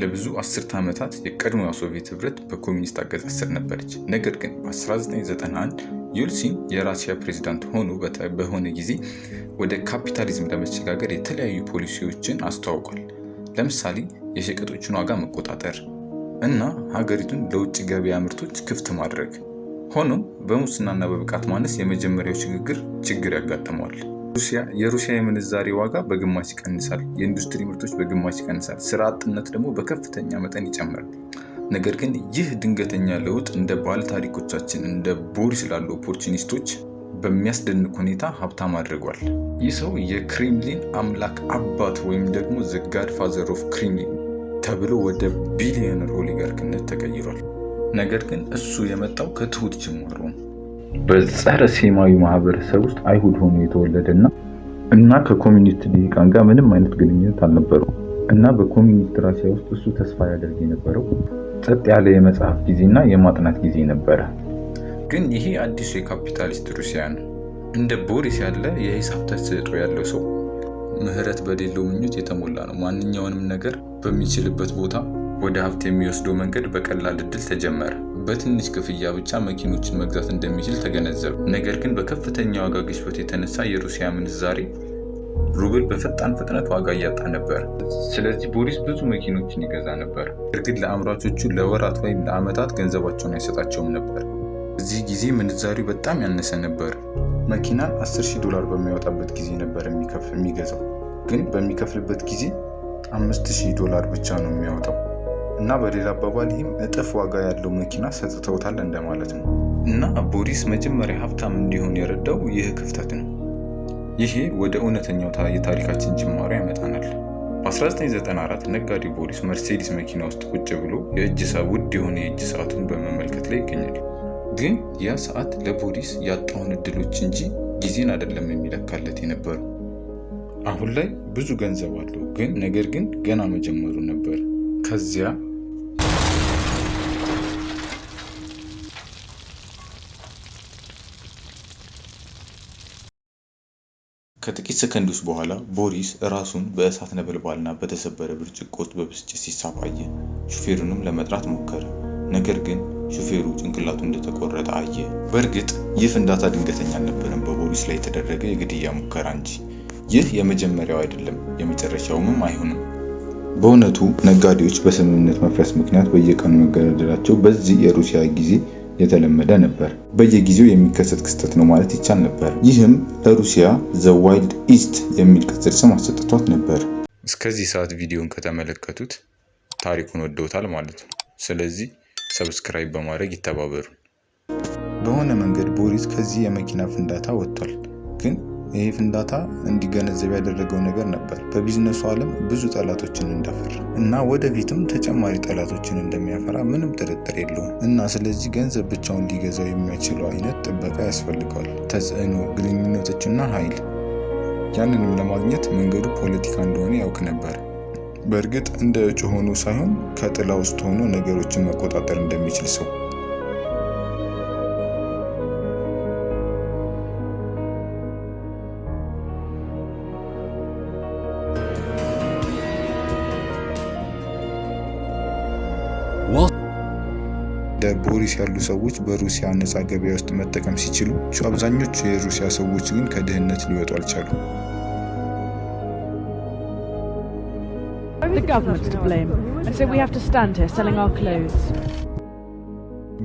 ለብዙ አስርተ ዓመታት የቀድሞዋ የሶቪየት ህብረት በኮሚኒስት አገዛዝ ስር ነበረች። ነገር ግን በ1991 ዩልሲን የራሽያ ፕሬዚዳንት ሆኖ በሆነ ጊዜ ወደ ካፒታሊዝም ለመሸጋገር የተለያዩ ፖሊሲዎችን አስተዋውቋል። ለምሳሌ የሸቀጦችን ዋጋ መቆጣጠር እና ሀገሪቱን ለውጭ ገበያ ምርቶች ክፍት ማድረግ። ሆኖም በሙስናና በብቃት ማነስ የመጀመሪያው ሽግግር ችግር ያጋጥመዋል። የሩሲያ የምንዛሬ ዋጋ በግማሽ ይቀንሳል፣ የኢንዱስትሪ ምርቶች በግማሽ ይቀንሳል፣ ስራ አጥነት ደግሞ በከፍተኛ መጠን ይጨምራል። ነገር ግን ይህ ድንገተኛ ለውጥ እንደ ባለ ታሪኮቻችን እንደ ቦሪስ ላሉ ኦፖርቹኒስቶች በሚያስደንቅ ሁኔታ ሀብታም አድርጓል። ይህ ሰው የክሬምሊን አምላክ አባት ወይም ደግሞ ዘጋድ ፋዘር ኦፍ ክሬምሊን ተብሎ ወደ ቢሊዮነር ኦሊጋርክነት ተቀይሯል። ነገር ግን እሱ የመጣው ከትሁት ጅማሮ ነው። በጸረ ሴማዊ ማህበረሰብ ውስጥ አይሁድ ሆኖ የተወለደና እና እና ከኮሚኒስት ሊቃን ጋር ምንም አይነት ግንኙነት አልነበረው እና በኮሚኒስት ራሲያ ውስጥ እሱ ተስፋ ያደርግ የነበረው ጸጥ ያለ የመጽሐፍ ጊዜና የማጥናት ጊዜ ነበረ። ግን ይሄ አዲሱ የካፒታሊስት ሩሲያ ነው። እንደ ቦሪስ ያለ የሂሳብ ተሰጥኦ ያለው ሰው ምህረት በሌለው ምኞት የተሞላ ነው። ማንኛውንም ነገር በሚችልበት ቦታ ወደ ሀብት የሚወስደው መንገድ በቀላል እድል ተጀመረ። በትንሽ ክፍያ ብቻ መኪኖችን መግዛት እንደሚችል ተገነዘበ። ነገር ግን በከፍተኛ ዋጋ ግሽበት የተነሳ የሩሲያ ምንዛሬ ሩብል በፈጣን ፍጥነት ዋጋ እያጣ ነበር። ስለዚህ ቦሪስ ብዙ መኪኖችን ይገዛ ነበር። እርግጥ ለአምራቾቹ ለወራት ወይም ለዓመታት ገንዘባቸውን አይሰጣቸውም ነበር። እዚህ ጊዜ ምንዛሬው በጣም ያነሰ ነበር። መኪናን 10,000 ዶላር በሚያወጣበት ጊዜ ነበር የሚገዛው፣ ግን በሚከፍልበት ጊዜ 5,000 ዶላር ብቻ ነው የሚያወጣው። እና በሌላ አባባል ይህም እጥፍ ዋጋ ያለው መኪና ሰጥተውታል እንደማለት ነው። እና ቦሪስ መጀመሪያ ሀብታም እንዲሆን የረዳው ይህ ክፍተት ነው። ይሄ ወደ እውነተኛው የታሪካችን ጅማሮ ያመጣናል። በ1994 ነጋዴ ቦሪስ መርሴዲስ መኪና ውስጥ ቁጭ ብሎ የእጅ ሰዓት ውድ የሆነ የእጅ ሰዓቱን በመመልከት ላይ ይገኛል። ግን ያ ሰዓት ለቦሪስ ያጣውን እድሎች እንጂ ጊዜን አይደለም የሚለካለት የነበረው። አሁን ላይ ብዙ ገንዘብ አለው ግን ነገር ግን ገና መጀመሩ ነበር። ከዚያ ከጥቂት ሰከንዶች በኋላ ቦሪስ ራሱን በእሳት ነበልባልና በተሰበረ ብርጭቆ ውስጥ በብስጭት ሲሳብ አየ። ሹፌሩንም ለመጥራት ሞከረ፣ ነገር ግን ሹፌሩ ጭንቅላቱ እንደተቆረጠ አየ። በእርግጥ ይህ ፍንዳታ ድንገተኛ አልነበረም፣ በቦሪስ ላይ የተደረገ የግድያ ሙከራ እንጂ። ይህ የመጀመሪያው አይደለም፣ የመጨረሻውም አይሆንም። በእውነቱ ነጋዴዎች በስምምነት መፍረስ ምክንያት በየቀኑ መገዳደላቸው በዚህ የሩሲያ ጊዜ የተለመደ ነበር። በየጊዜው የሚከሰት ክስተት ነው ማለት ይቻል ነበር። ይህም ለሩሲያ ዘ ዋይልድ ኢስት የሚል ቅጽል ስም አሰጥቷት ነበር። እስከዚህ ሰዓት ቪዲዮን ከተመለከቱት ታሪኩን ወደውታል ማለት ነው። ስለዚህ ሰብስክራይብ በማድረግ ይተባበሩ። በሆነ መንገድ ቦሪስ ከዚህ የመኪና ፍንዳታ ወጥቷል ግን ይሄ ፍንዳታ እንዲገነዘብ ያደረገው ነገር ነበር። በቢዝነሱ ዓለም ብዙ ጠላቶችን እንዳፈራ እና ወደፊትም ተጨማሪ ጠላቶችን እንደሚያፈራ ምንም ጥርጥር የለውም እና ስለዚህ ገንዘብ ብቻውን ሊገዛው የሚያችለው አይነት ጥበቃ ያስፈልገዋል። ተጽዕኖ፣ ግንኙነቶችና ኃይል። ያንንም ለማግኘት መንገዱ ፖለቲካ እንደሆነ ያውቅ ነበር። በእርግጥ እንደ እጩ ሆኖ ሳይሆን ከጥላ ውስጥ ሆኖ ነገሮችን መቆጣጠር እንደሚችል ሰው ቦሪስ ያሉ ሰዎች በሩሲያ ነፃ ገበያ ውስጥ መጠቀም ሲችሉ፣ አብዛኞቹ የሩሲያ ሰዎች ግን ከድህነት ሊወጡ አልቻሉም።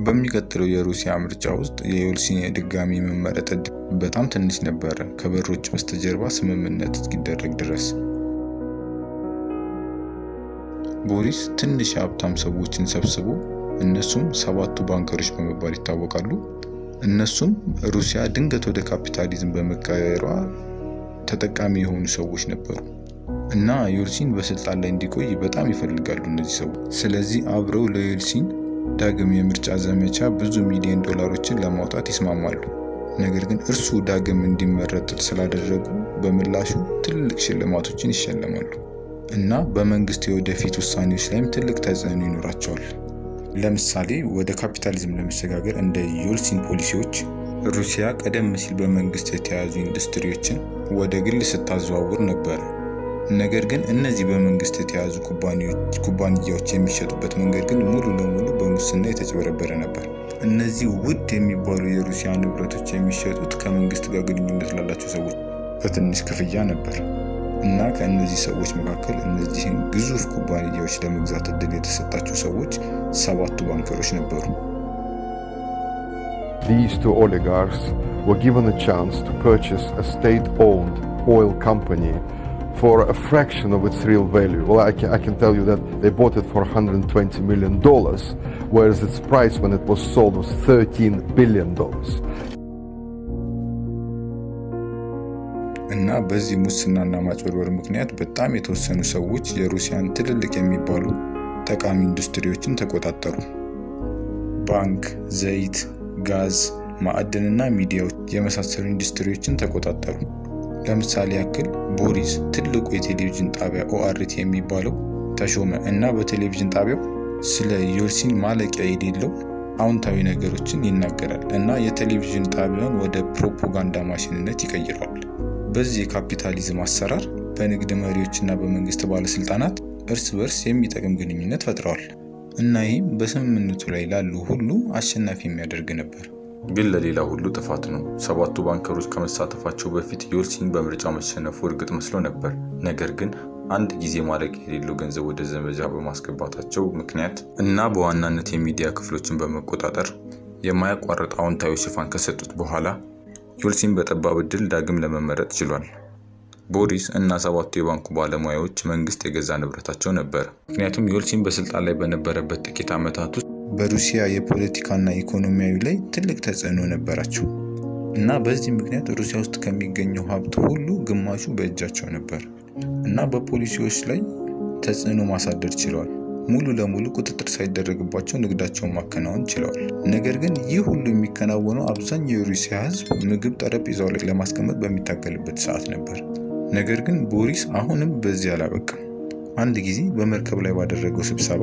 በሚቀጥለው የሩሲያ ምርጫ ውስጥ የዮልሲን የድጋሚ መመረጥ እድል በጣም ትንሽ ነበረ ከበሮች በስተጀርባ ስምምነት እስኪደረግ ድረስ። ቦሪስ ትንሽ የሀብታም ሰዎችን ሰብስቦ እነሱም ሰባቱ ባንከሮች በመባል ይታወቃሉ። እነሱም ሩሲያ ድንገት ወደ ካፒታሊዝም በመቀየሯ ተጠቃሚ የሆኑ ሰዎች ነበሩ እና የልሲን በስልጣን ላይ እንዲቆይ በጣም ይፈልጋሉ እነዚህ ሰዎች። ስለዚህ አብረው ለዮልሲን ዳግም የምርጫ ዘመቻ ብዙ ሚሊዮን ዶላሮችን ለማውጣት ይስማማሉ። ነገር ግን እርሱ ዳግም እንዲመረጥ ስላደረጉ በምላሹ ትልቅ ሽልማቶችን ይሸለማሉ እና በመንግስት የወደፊት ውሳኔዎች ላይም ትልቅ ተጽዕኖ ይኖራቸዋል። ለምሳሌ ወደ ካፒታሊዝም ለመሸጋገር እንደ ዮልሲን ፖሊሲዎች ሩሲያ ቀደም ሲል በመንግስት የተያዙ ኢንዱስትሪዎችን ወደ ግል ስታዘዋውር ነበር። ነገር ግን እነዚህ በመንግስት የተያዙ ኩባንያዎች የሚሸጡበት መንገድ ግን ሙሉ ለሙሉ በሙስና የተጨበረበረ ነበር። እነዚህ ውድ የሚባሉ የሩሲያ ንብረቶች የሚሸጡት ከመንግስት ጋር ግንኙነት ላላቸው ሰዎች በትንሽ ክፍያ ነበር። እና ከእነዚህ ሰዎች መካከል እነዚህን ግዙፍ ኩባንያዎች ለመግዛት እድል የተሰጣቸው ሰዎች ሰባቱ ባንከሮች ነበሩ። These two oligarchs were given a chance to purchase a state-owned oil company for a fraction of its real value. Well, I can, I can tell you that they bought it for 120 million dollars, whereas its price when it was sold was 13 billion dollars. እና በዚህ ሙስናና ማጭበርበር ምክንያት በጣም የተወሰኑ ሰዎች የሩሲያን ትልልቅ የሚባሉ ጠቃሚ ኢንዱስትሪዎችን ተቆጣጠሩ። ባንክ፣ ዘይት፣ ጋዝ፣ ማዕድንና ሚዲያዎች የመሳሰሉ ኢንዱስትሪዎችን ተቆጣጠሩ። ለምሳሌ ያክል ቦሪስ ትልቁ የቴሌቪዥን ጣቢያ ኦአርት የሚባለው ተሾመ እና በቴሌቪዥን ጣቢያው ስለ ዮልሲን ማለቂያ የሌለው አውንታዊ ነገሮችን ይናገራል እና የቴሌቪዥን ጣቢያውን ወደ ፕሮፓጋንዳ ማሽንነት ይቀይረዋል። በዚህ የካፒታሊዝም አሰራር በንግድ መሪዎችና በመንግስት ባለስልጣናት እርስ በርስ የሚጠቅም ግንኙነት ፈጥረዋል እና ይህም በስምምነቱ ላይ ላሉ ሁሉ አሸናፊ የሚያደርግ ነበር። ግን ለሌላ ሁሉ ጥፋት ነው። ሰባቱ ባንከሮች ከመሳተፋቸው በፊት ዮልሲን በምርጫ መሸነፉ እርግጥ መስሎ ነበር። ነገር ግን አንድ ጊዜ ማለቅ የሌለው ገንዘብ ወደ ዘመቻ በማስገባታቸው ምክንያት እና በዋናነት የሚዲያ ክፍሎችን በመቆጣጠር የማያቋርጥ አዎንታዊ ሽፋን ከሰጡት በኋላ ዮልሲን በጠባብ እድል ዳግም ለመመረጥ ችሏል። ቦሪስ እና ሰባቱ የባንኩ ባለሙያዎች መንግስት የገዛ ንብረታቸው ነበር። ምክንያቱም ዮልሲን በስልጣን ላይ በነበረበት ጥቂት ዓመታት ውስጥ በሩሲያ የፖለቲካና ኢኮኖሚያዊ ላይ ትልቅ ተጽዕኖ ነበራቸው እና በዚህ ምክንያት ሩሲያ ውስጥ ከሚገኘው ሀብት ሁሉ ግማሹ በእጃቸው ነበር እና በፖሊሲዎች ላይ ተጽዕኖ ማሳደር ችለዋል። ሙሉ ለሙሉ ቁጥጥር ሳይደረግባቸው ንግዳቸውን ማከናወን ችለዋል። ነገር ግን ይህ ሁሉ የሚከናወነው አብዛኛው የሩሲያ ህዝብ ምግብ ጠረጴዛው ላይ ለማስቀመጥ በሚታገልበት ሰዓት ነበር። ነገር ግን ቦሪስ አሁንም በዚህ አላበቃም። አንድ ጊዜ በመርከብ ላይ ባደረገው ስብሰባ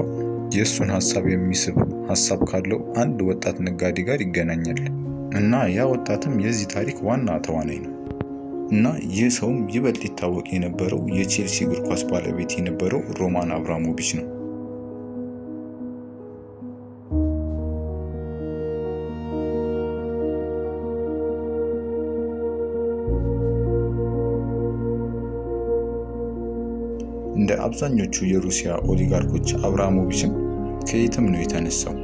የእሱን ሀሳብ የሚስብ ሀሳብ ካለው አንድ ወጣት ነጋዴ ጋር ይገናኛል እና ያ ወጣትም የዚህ ታሪክ ዋና ተዋናይ ነው እና ይህ ሰውም ይበልጥ ይታወቅ የነበረው የቼልሲ እግር ኳስ ባለቤት የነበረው ሮማን አብራሞቪች ነው። አብዛኞቹ የሩሲያ ኦሊጋርኮች አብርሃሞቪችም ከየትም ነው የተነሳው።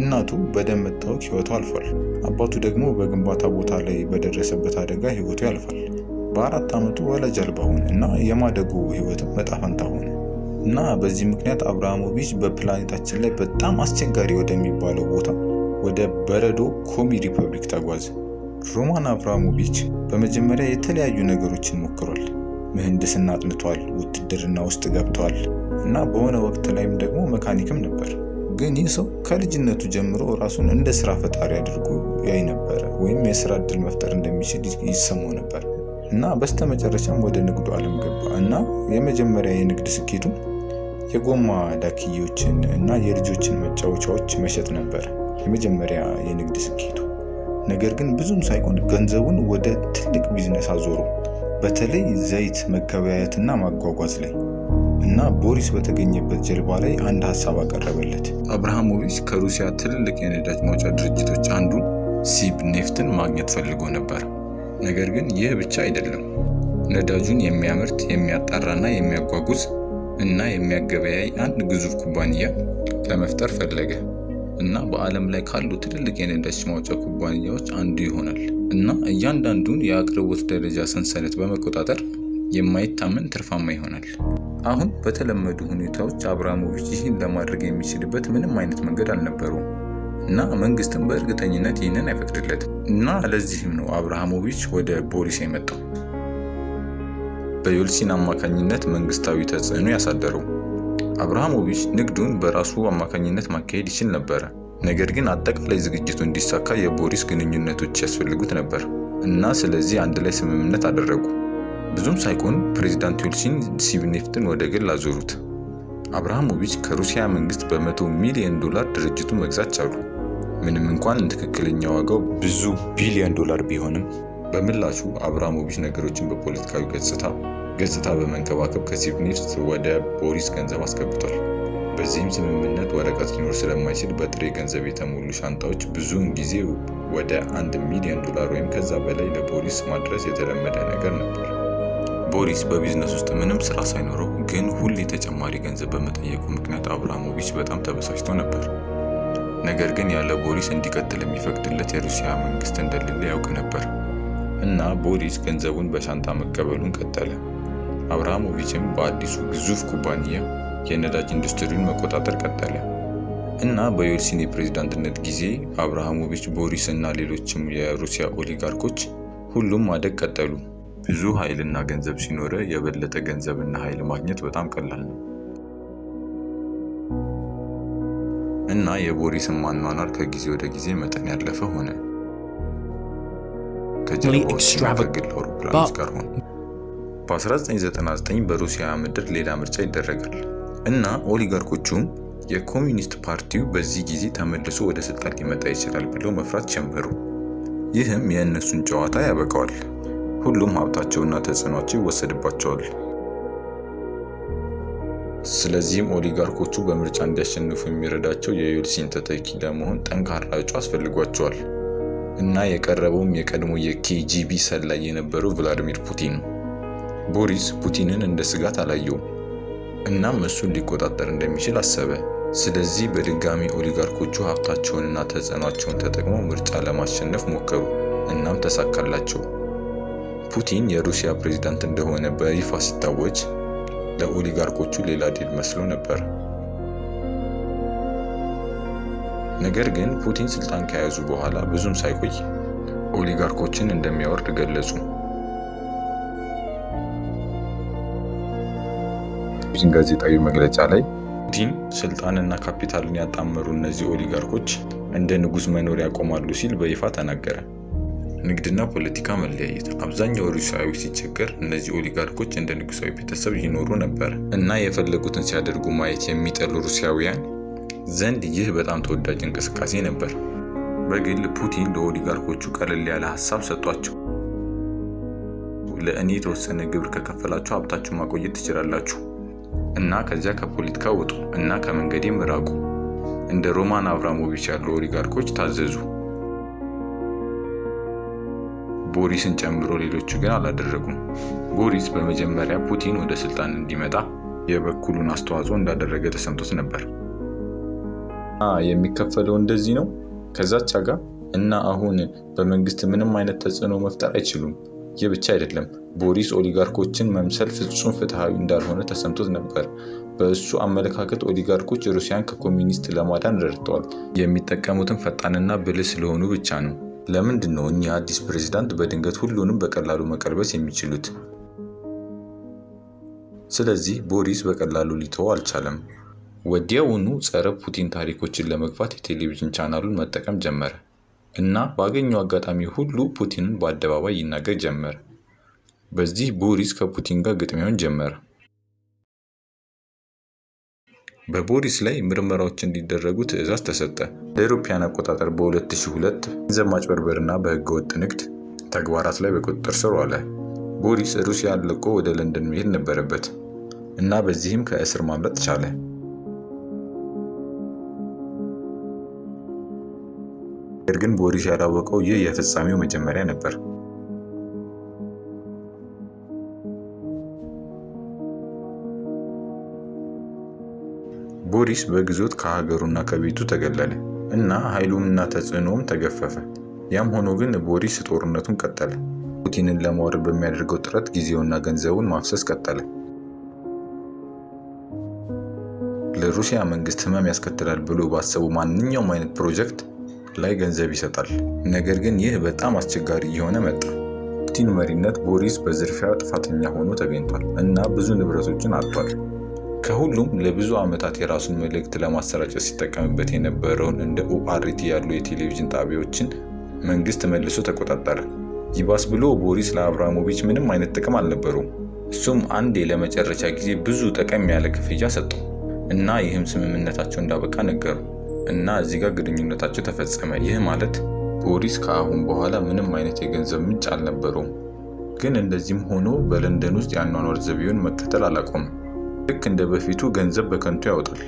እናቱ በደም መታወክ ህይወቱ አልፏል። አባቱ ደግሞ በግንባታ ቦታ ላይ በደረሰበት አደጋ ህይወቱ ያልፋል። በአራት ዓመቱ ወላጅ አልባ ሆነ እና የማደጎ ህይወትም መጣፈንታ ፈንታ ሆነ እና በዚህ ምክንያት አብርሃሞቪች በፕላኔታችን ላይ በጣም አስቸጋሪ ወደሚባለው ቦታ ወደ በረዶ ኮሚ ሪፐብሊክ ተጓዘ። ሮማን አብርሃሞቪች በመጀመሪያ የተለያዩ ነገሮችን ሞክሯል። ምህንድስና አጥንቷል፣ ውትድርና ውስጥ ገብቷል እና በሆነ ወቅት ላይም ደግሞ መካኒክም ነበር። ግን ይህ ሰው ከልጅነቱ ጀምሮ ራሱን እንደ ስራ ፈጣሪ አድርጎ ያይ ነበረ፣ ወይም የስራ እድል መፍጠር እንደሚችል ይሰማው ነበር እና በስተመጨረሻም ወደ ንግዱ ዓለም ገባ እና የመጀመሪያ የንግድ ስኬቱ የጎማ ዳክዬዎችን እና የልጆችን መጫወቻዎች መሸጥ ነበር የመጀመሪያ የንግድ ስኬቱ። ነገር ግን ብዙም ሳይቆን ገንዘቡን ወደ ትልቅ ቢዝነስ አዞሩ። በተለይ ዘይት መገበያየትና ማጓጓዝ ላይ እና ቦሪስ በተገኘበት ጀልባ ላይ አንድ ሀሳብ አቀረበለት። አብርሃሞቪች ከሩሲያ ትልልቅ የነዳጅ ማውጫ ድርጅቶች አንዱን ሲብ ኔፍትን ማግኘት ፈልጎ ነበር። ነገር ግን ይህ ብቻ አይደለም። ነዳጁን የሚያመርት የሚያጣራና የሚያጓጉዝ እና የሚያገበያይ አንድ ግዙፍ ኩባንያ ለመፍጠር ፈለገ እና በዓለም ላይ ካሉ ትልልቅ የነዳጅ ማውጫ ኩባንያዎች አንዱ ይሆናል። እና እያንዳንዱን የአቅርቦት ደረጃ ሰንሰለት በመቆጣጠር የማይታመን ትርፋማ ይሆናል። አሁን በተለመዱ ሁኔታዎች አብርሃሞቪች ይህን ለማድረግ የሚችልበት ምንም አይነት መንገድ አልነበረውም እና መንግስትም በእርግጠኝነት ይህንን አይፈቅድለትም እና ለዚህም ነው አብርሃሞቪች ወደ ቦሪስ የመጣው። በዮልሲን አማካኝነት መንግስታዊ ተጽዕኖ ያሳደረው አብርሃሞቪች ንግዱን በራሱ አማካኝነት ማካሄድ ይችል ነበረ። ነገር ግን አጠቃላይ ዝግጅቱ እንዲሳካ የቦሪስ ግንኙነቶች ያስፈልጉት ነበር እና ስለዚህ አንድ ላይ ስምምነት አደረጉ። ብዙም ሳይቆን ፕሬዚዳንት ዬልትሲን ሲቪኔፍትን ወደ ግል አዞሩት። አብርሃሞቪች ከሩሲያ መንግስት በመቶ ሚሊዮን ዶላር ድርጅቱን መግዛት ቻሉ። ምንም እንኳን ትክክለኛ ዋጋው ብዙ ቢሊዮን ዶላር ቢሆንም በምላሹ አብርሃሞቪች ነገሮችን በፖለቲካዊ ገጽታ ገጽታ በመንከባከብ ከሲቪኔፍት ወደ ቦሪስ ገንዘብ አስገብቷል። በዚህም ስምምነት ወረቀት ሊኖር ስለማይችል በጥሬ ገንዘብ የተሞሉ ሻንጣዎች ብዙውን ጊዜ ወደ አንድ ሚሊዮን ዶላር ወይም ከዛ በላይ ለቦሪስ ማድረስ የተለመደ ነገር ነበር። ቦሪስ በቢዝነስ ውስጥ ምንም ስራ ሳይኖረው ግን ሁሌ ተጨማሪ ገንዘብ በመጠየቁ ምክንያት አብርሃሞቪች በጣም ተበሳጭቶ ነበር። ነገር ግን ያለ ቦሪስ እንዲቀጥል የሚፈቅድለት የሩሲያ መንግስት እንደሌለ ያውቅ ነበር እና ቦሪስ ገንዘቡን በሻንጣ መቀበሉን ቀጠለ። አብርሃሞቪችም በአዲሱ ግዙፍ ኩባንያ የነዳጅ ኢንዱስትሪውን መቆጣጠር ቀጠለ እና በየልሲን የፕሬዝዳንትነት ጊዜ አብርሃሞቪች፣ ቦሪስ እና ሌሎችም የሩሲያ ኦሊጋርኮች ሁሉም ማደግ ቀጠሉ። ብዙ ኃይልና ገንዘብ ሲኖረ የበለጠ ገንዘብና ኃይል ማግኘት በጣም ቀላል ነው እና የቦሪስ ማኗኗር ከጊዜ ወደ ጊዜ መጠን ያለፈ ሆነ። ከግል አውሮፕላኖች ጋር ሆነ። በ1999 በሩሲያ ምድር ሌላ ምርጫ ይደረጋል። እና ኦሊጋርኮቹም የኮሚኒስት ፓርቲው በዚህ ጊዜ ተመልሶ ወደ ስልጣን ሊመጣ ይችላል ብለው መፍራት ጀመሩ። ይህም የእነሱን ጨዋታ ያበቃዋል። ሁሉም ሀብታቸውና ተጽዕኗቸው ይወሰድባቸዋል። ስለዚህም ኦሊጋርኮቹ በምርጫ እንዲያሸንፉ የሚረዳቸው የየልሲን ተተኪ ለመሆን ጠንካራ እጩ አስፈልጓቸዋል እና የቀረበውም የቀድሞ የኬጂቢ ሰላይ የነበረው ቭላዲሚር ፑቲን ነው። ቦሪስ ፑቲንን እንደ ስጋት አላየውም። እናም እሱን ሊቆጣጠር እንደሚችል አሰበ። ስለዚህ በድጋሚ ኦሊጋርኮቹ ሀብታቸውንና ተጽዕኗቸውን ተጠቅመው ምርጫ ለማሸነፍ ሞከሩ፣ እናም ተሳካላቸው። ፑቲን የሩሲያ ፕሬዝዳንት እንደሆነ በይፋ ሲታወጅ ለኦሊጋርኮቹ ሌላ ድል መስሎ ነበር። ነገር ግን ፑቲን ስልጣን ከያዙ በኋላ ብዙም ሳይቆይ ኦሊጋርኮችን እንደሚያወርድ ገለጹ። በቴሌቪዥን ጋዜጣዊ መግለጫ ላይ ፑቲን ስልጣንና ካፒታልን ያጣመሩ እነዚህ ኦሊጋርኮች እንደ ንጉሥ መኖር ያቆማሉ ሲል በይፋ ተናገረ። ንግድና ፖለቲካ መለያየት። አብዛኛው ሩሲያዊ ሲቸገር እነዚህ ኦሊጋርኮች እንደ ንጉሳዊ ቤተሰብ ይኖሩ ነበር እና የፈለጉትን ሲያደርጉ ማየት የሚጠሉ ሩሲያውያን ዘንድ ይህ በጣም ተወዳጅ እንቅስቃሴ ነበር። በግል ፑቲን ለኦሊጋርኮቹ ቀለል ያለ ሀሳብ ሰጧቸው። ለእኔ የተወሰነ ግብር ከከፈላችሁ ሀብታችሁ ማቆየት ትችላላችሁ እና ከዚያ ከፖለቲካ ውጡ እና ከመንገዴም ራቁ። እንደ ሮማን አብራሞቪች ያሉ ኦሊጋርኮች ታዘዙ። ቦሪስን ጨምሮ ሌሎቹ ግን አላደረጉም። ቦሪስ በመጀመሪያ ፑቲን ወደ ስልጣን እንዲመጣ የበኩሉን አስተዋጽኦ እንዳደረገ ተሰምቶት ነበር። የሚከፈለው እንደዚህ ነው ከዛቻ ጋር እና አሁን በመንግስት ምንም አይነት ተጽዕኖ መፍጠር አይችሉም። ይህ ብቻ አይደለም ቦሪስ ኦሊጋርኮችን መምሰል ፍጹም ፍትሐዊ እንዳልሆነ ተሰምቶት ነበር። በእሱ አመለካከት ኦሊጋርኮች ሩሲያን ከኮሚኒስት ለማዳን ረድተዋል፤ የሚጠቀሙትም ፈጣንና ብልህ ስለሆኑ ብቻ ነው። ለምንድን ነው እኚህ አዲስ ፕሬዚዳንት በድንገት ሁሉንም በቀላሉ መቀልበስ የሚችሉት? ስለዚህ ቦሪስ በቀላሉ ሊተወው አልቻለም። ወዲያውኑ ጸረ ፑቲን ታሪኮችን ለመግፋት የቴሌቪዥን ቻናሉን መጠቀም ጀመረ እና ባገኘው አጋጣሚ ሁሉ ፑቲንን በአደባባይ ይናገር ጀመር። በዚህ ቦሪስ ከፑቲን ጋር ግጥሚያውን ጀመረ። በቦሪስ ላይ ምርመራዎች እንዲደረጉ ትዕዛዝ ተሰጠ። ለአውሮፓውያን አቆጣጠር በ2002 ገንዘብ ማጭበርበርና በህገወጥ ንግድ ተግባራት ላይ በቁጥጥር ስር ዋለ። ቦሪስ ሩሲያን ለቆ ወደ ለንደን መሄድ ነበረበት እና በዚህም ከእስር ማምለጥ ቻለ። ነገር ግን ቦሪስ ያላወቀው ይህ የፍጻሜው መጀመሪያ ነበር። ቦሪስ በግዞት ከሀገሩና ከቤቱ ተገለለ እና ኃይሉምና ተጽዕኖውም ተገፈፈ። ያም ሆኖ ግን ቦሪስ ጦርነቱን ቀጠለ። ፑቲንን ለማውረድ በሚያደርገው ጥረት ጊዜውና ገንዘቡን ማፍሰስ ቀጠለ። ለሩሲያ መንግስት ህመም ያስከትላል ብሎ ባሰቡ ማንኛውም አይነት ፕሮጀክት ላይ ገንዘብ ይሰጣል። ነገር ግን ይህ በጣም አስቸጋሪ እየሆነ መጣ። ፑቲን መሪነት ቦሪስ በዝርፊያ ጥፋተኛ ሆኖ ተገኝቷል እና ብዙ ንብረቶችን አጥቷል። ከሁሉም ለብዙ ዓመታት የራሱን መልእክት ለማሰራጨት ሲጠቀምበት የነበረውን እንደ ኦአርቲ ያሉ የቴሌቪዥን ጣቢያዎችን መንግስት መልሶ ተቆጣጠረ። ይባስ ብሎ ቦሪስ ለአብርሃሞቪች ምንም አይነት ጥቅም አልነበረውም። እሱም አንዴ ለመጨረሻ ጊዜ ብዙ ጠቀም ያለ ክፍያ ሰጠው እና ይህም ስምምነታቸው እንዳበቃ ነገሩ እና እዚህ ጋር ግንኙነታቸው ተፈጸመ። ይህ ማለት ቦሪስ ከአሁን በኋላ ምንም አይነት የገንዘብ ምንጭ አልነበረውም። ግን እንደዚህም ሆኖ በለንደን ውስጥ የአኗኗር ዘይቤውን መከተል አላቆምም። ልክ እንደ በፊቱ ገንዘብ በከንቱ ያወጣል።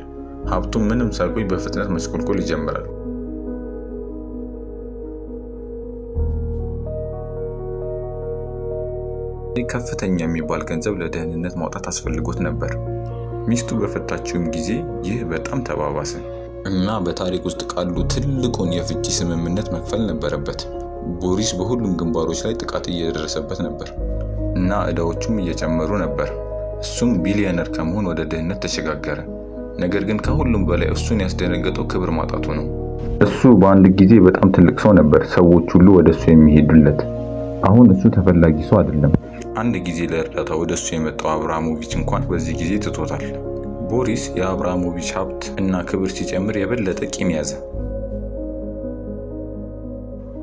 ሀብቱም ምንም ሳይቆይ በፍጥነት መስቆልቆል ይጀምራል። ከፍተኛ የሚባል ገንዘብ ለደህንነት ማውጣት አስፈልጎት ነበር። ሚስቱ በፈታችውም ጊዜ ይህ በጣም ተባባሰ እና በታሪክ ውስጥ ካሉ ትልቁን የፍቺ ስምምነት መክፈል ነበረበት። ቦሪስ በሁሉም ግንባሮች ላይ ጥቃት እየደረሰበት ነበር እና ዕዳዎቹም እየጨመሩ ነበር። እሱም ቢሊዮነር ከመሆን ወደ ድህነት ተሸጋገረ። ነገር ግን ከሁሉም በላይ እሱን ያስደነገጠው ክብር ማጣቱ ነው። እሱ በአንድ ጊዜ በጣም ትልቅ ሰው ነበር፣ ሰዎች ሁሉ ወደ እሱ የሚሄዱለት። አሁን እሱ ተፈላጊ ሰው አይደለም። አንድ ጊዜ ለእርዳታ ወደ እሱ የመጣው አብርሃሞቪች እንኳን በዚህ ጊዜ ትቶታል። ቦሪስ የአብርሃሞቪች ሀብት እና ክብር ሲጨምር የበለጠ ቂም ያዘ።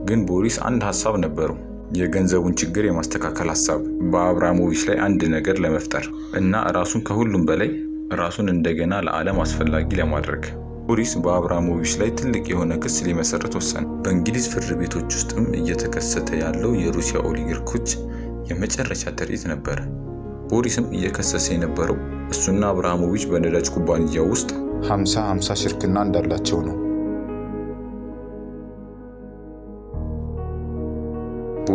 ግን ቦሪስ አንድ ሀሳብ ነበረው። የገንዘቡን ችግር የማስተካከል ሀሳብ በአብራሞቪች ላይ አንድ ነገር ለመፍጠር እና ራሱን ከሁሉም በላይ ራሱን እንደገና ለዓለም አስፈላጊ ለማድረግ ቦሪስ በአብራሞቪች ላይ ትልቅ የሆነ ክስ ሊመሰርት ወሰነ። በእንግሊዝ ፍርድ ቤቶች ውስጥም እየተከሰተ ያለው የሩሲያ ኦሊጋርኮች የመጨረሻ ትርኢት ነበረ። ቦሪስም እየከሰሰ የነበረው እሱና አብርሃሞቪች በነዳጅ ኩባንያ ውስጥ 50 50 ሽርክና እንዳላቸው ነው።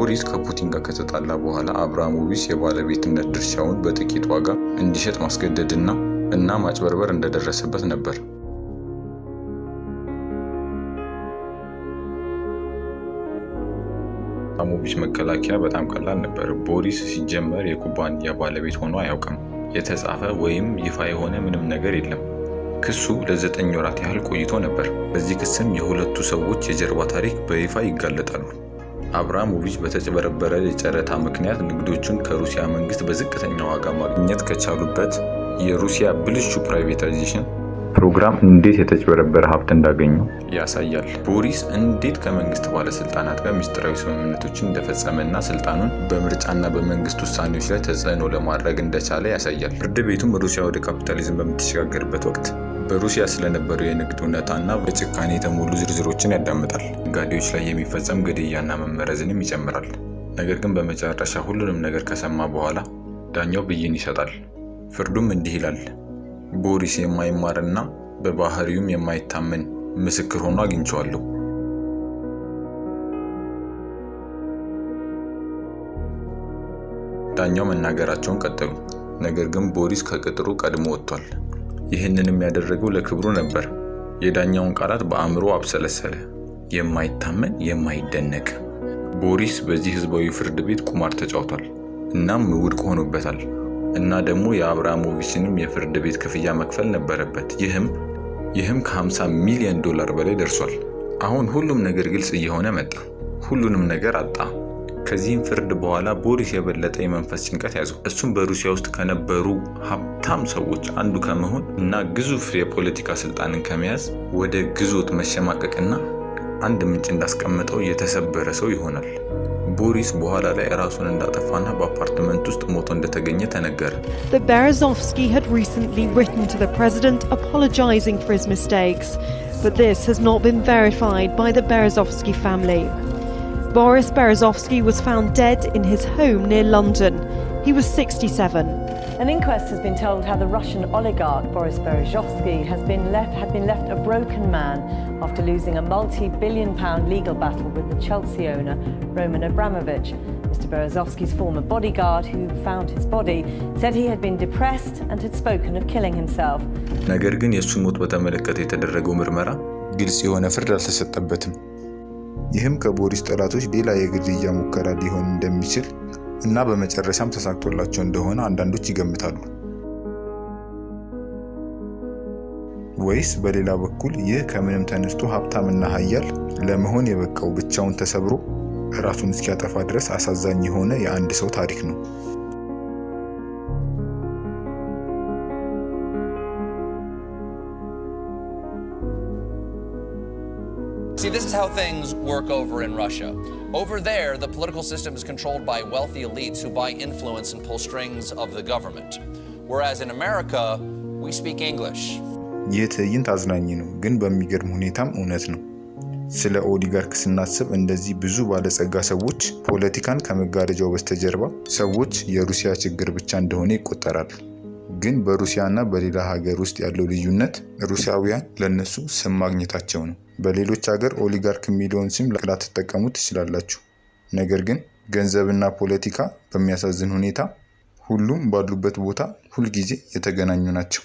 ቦሪስ ከፑቲን ጋር ከተጣላ በኋላ አብርሃሞቪች የባለቤትነት ድርሻውን በጥቂት ዋጋ እንዲሸጥ ማስገደድና እና ማጭበርበር እንደደረሰበት ነበር። አብራሞቪች መከላከያ በጣም ቀላል ነበር። ቦሪስ ሲጀመር የኩባንያ ባለቤት ሆኖ አያውቅም። የተጻፈ ወይም ይፋ የሆነ ምንም ነገር የለም። ክሱ ለዘጠኝ ወራት ያህል ቆይቶ ነበር። በዚህ ክስም የሁለቱ ሰዎች የጀርባ ታሪክ በይፋ ይጋለጣሉ። አብርሃሞቪች በተጭበረበረ የጨረታ ምክንያት ንግዶቹን ከሩሲያ መንግስት በዝቅተኛ ዋጋ ማግኘት ከቻሉበት የሩሲያ ብልሹ ፕራይቬታይዜሽን ፕሮግራም እንዴት የተጭበረበረ ሀብት እንዳገኙ ያሳያል። ቦሪስ እንዴት ከመንግስት ባለስልጣናት ጋር ሚስጥራዊ ስምምነቶች እንደፈጸመና ስልጣኑን በምርጫና በመንግስት ውሳኔዎች ላይ ተጽዕኖ ለማድረግ እንደቻለ ያሳያል። ፍርድ ቤቱም ሩሲያ ወደ ካፒታሊዝም በምትሸጋገርበት ወቅት በሩሲያ ስለነበረው የንግድ እውነታና በጭካኔ የተሞሉ ዝርዝሮችን ያዳምጣል። ነጋዴዎች ላይ የሚፈጸም ግድያና መመረዝንም ይጨምራል። ነገር ግን በመጨረሻ ሁሉንም ነገር ከሰማ በኋላ ዳኛው ብይን ይሰጣል። ፍርዱም እንዲህ ይላል። ቦሪስ የማይማርና በባህሪውም የማይታመን ምስክር ሆኖ አግኝቸዋለሁ ዳኛው መናገራቸውን ቀጠሉ። ነገር ግን ቦሪስ ከቅጥሩ ቀድሞ ወጥቷል። ይህንንም ያደረገው ለክብሩ ነበር። የዳኛውን ቃላት በአእምሮ አብሰለሰለ። የማይታመን የማይደነቅ ቦሪስ በዚህ ህዝባዊ ፍርድ ቤት ቁማር ተጫውቷል፣ እናም ውድቅ ሆኖበታል። እና ደግሞ የአብርሃሞቪችንም የፍርድ ቤት ክፍያ መክፈል ነበረበት። ይህም ይህም ከ50 ሚሊዮን ዶላር በላይ ደርሷል። አሁን ሁሉም ነገር ግልጽ እየሆነ መጣ። ሁሉንም ነገር አጣ። ከዚህም ፍርድ በኋላ ቦሪስ የበለጠ የመንፈስ ጭንቀት ያዘው። እሱም በሩሲያ ውስጥ ከነበሩ መልካም ሰዎች አንዱ ከመሆን እና ግዙፍ የፖለቲካ ስልጣንን ከመያዝ ወደ ግዞት መሸማቀቅና አንድ ምንጭ እንዳስቀምጠው የተሰበረ ሰው ይሆናል። ቦሪስ በኋላ ላይ ራሱን እንዳጠፋና በአፓርትመንት ውስጥ ሞቶ እንደተገኘ ተነገረ። በርዞቭስኪ ሀድ ሪሰንትሊ ሪትን ቱ ፕሬዚደንት አፖሎጃይዚንግ ፎር ሂዝ ሚስቴክስ but this has not been verified by the Berezovsky family. Boris Berezovsky was found dead in his home near London. He was 67. An inquest has been told how the Russian oligarch Boris Berezovsky has been left, had been left a broken man after losing a multi-billion pound legal battle with the Chelsea owner Roman Abramovich. Mr Berezovsky's former bodyguard, who found his body, said he had been depressed and had spoken of killing himself. ግልጽ የሆነ ፍርድ አልተሰጠበትም። ይህም ከቦሪስ ጠላቶች ሌላ የግድያ ሙከራ ሊሆን እንደሚችል እና በመጨረሻም ተሳክቶላቸው እንደሆነ አንዳንዶች ይገምታሉ። ወይስ በሌላ በኩል ይህ ከምንም ተነስቶ እና ሀያል ለመሆን የበቃው ብቻውን ተሰብሮ ራሱን እስኪያጠፋ ድረስ አሳዛኝ የሆነ የአንድ ሰው ታሪክ ነው። things work over in Russia. Over there, the political system is controlled by wealthy elites who buy influence and pull strings of the government. Whereas in America, we speak English. ስለ ኦሊጋርክ ስናስብ እንደዚህ ብዙ ባለጸጋ ሰዎች ፖለቲካን ከመጋረጃው በስተጀርባ ሰዎች የሩሲያ ችግር ብቻ እንደሆነ ይቆጠራል። ግን በሩሲያና በሌላ ሀገር ውስጥ ያለው ልዩነት ሩሲያውያን ለነሱ ስም ማግኘታቸው ነው። በሌሎች ሀገር ኦሊጋርክ የሚለውን ስም ላትጠቀሙ ትችላላችሁ። ነገር ግን ገንዘብና ፖለቲካ በሚያሳዝን ሁኔታ ሁሉም ባሉበት ቦታ ሁልጊዜ የተገናኙ ናቸው።